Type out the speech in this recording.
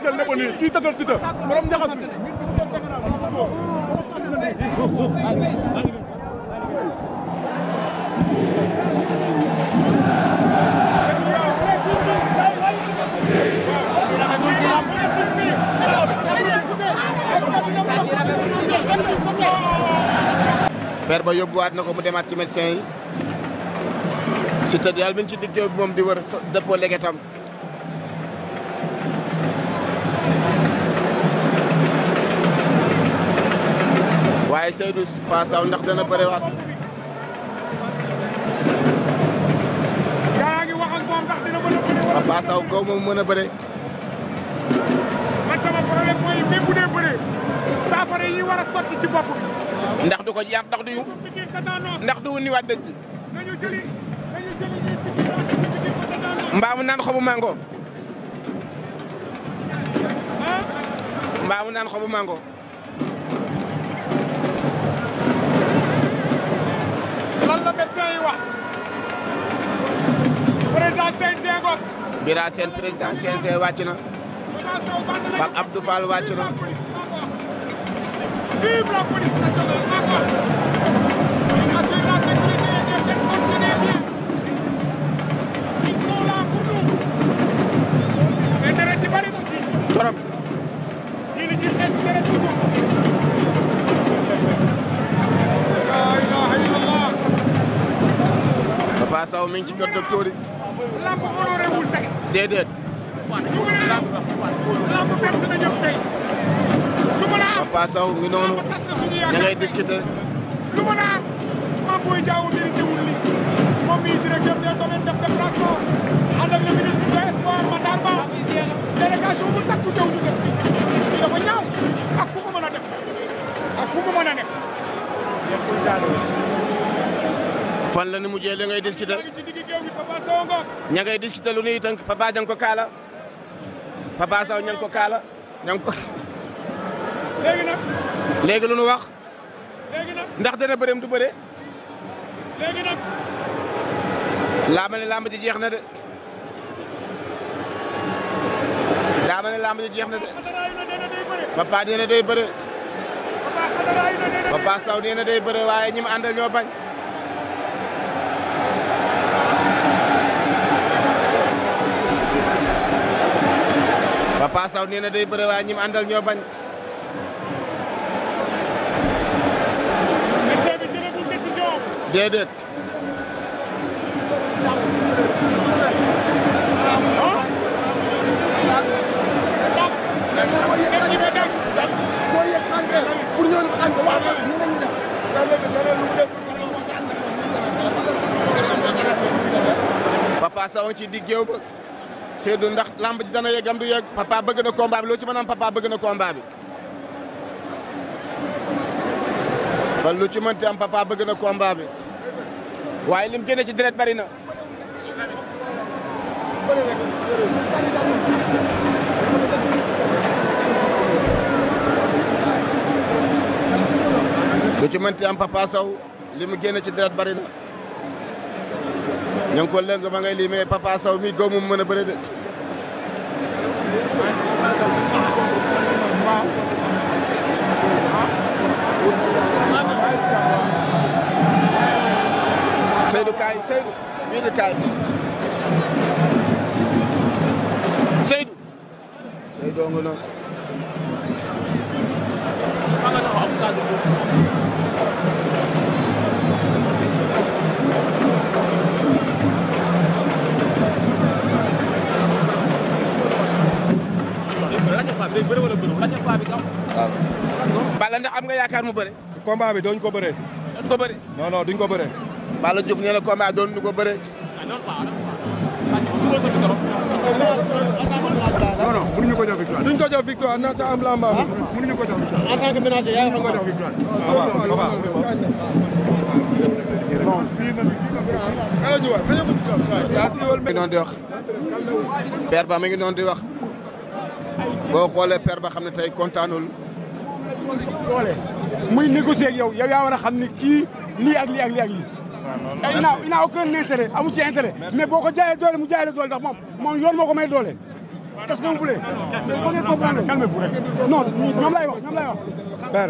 tëjal ne ko nii kii borom njaxas bi. père ba yóbbuwaat na ko mu demaat ci médecin yi. si te yàlla ci diggéey moom di wër dëppoo legetam Abdoulaye Seydou ndax dana bëriwaat. waaw Passaw kaw moom mën a bëre. man sama problème mooy même bu dee bëree sotti ci bopp ndax du ko yar ndax du. ndax du wuniwaat dëgg. nañu jëli nañu mbaa mu naan xobu mango. Ah? naan xobu Bira Sène président CNG wàcc na Pape Abdou Fall wàcc na torop Papa Sow mi ngi ci kër docteur déedéet. Papa Sow ngi noonu ña ngay discuter. du ma naan Mame Boye Diao mérité wul li moom mii directeur des domaines def déplacement ànd ak le fan la ni mujjee li ngay discuter ña ngay discuter lu nuy tënk papa jang ko kaala papa saw ñang ko kaala ñang ko léegi lu nu wax ndax dana bërëm du bëre léegi nag laama ne laama ji jeex na de laama ne laama ji jeex na de papa nee na day bëre papa saw nee na day bëre waaye ñi mu àndal ñoo bañ Sow nee na day bëre waaye ñi mu àndal ñoo bañ. déedéet. Papa Sow ci di géew ba. Seydou ndax lamb ji dana yeggam du yegg papa bëgg na combat bi loo ci mën a am papa bëgg na combat bi. wala lu ci am papa bëgg na combat bi. waaye lim génne ci dret bari na. lu ci mënti am papa Sow li mu génne ci deret bari na. ña ngi ko lëng ma ngay limee Papa Sow mi góob mën a bëre de. Seydou Kaay Seydou mii di Kaay. Seydou. Seydou nga noonu. bi bëre nga am. waaw. yaakaar mu bëre. combat bi dooñu ko bëree. dooñu ko bëree. non non ko bëree. Balla Diouf nee na combat dooñu ko bëree. ah ko jox victoire. duñu ko jox am lamba am. Ah, mënuñu ko jox victoire. en ko jox victoire. bon sii na. kala wax. yaa mi ngi doon di Ba mi ngi doon wax. boo xoolee père ba xam ne tey kontaanul. muy négocier ak yow yow yaa war a xam ne kii lii ak lii ak lii ak lii. waaw non il n'a aucun intérêt amu ci intérêt. mais boo ko jaayee doole mu jaayee la doole ndax moom moom yoon moo ko may doole. parce que vous voulez. calmez-vous rek. non ñoom lay wax ñoom lay wax. père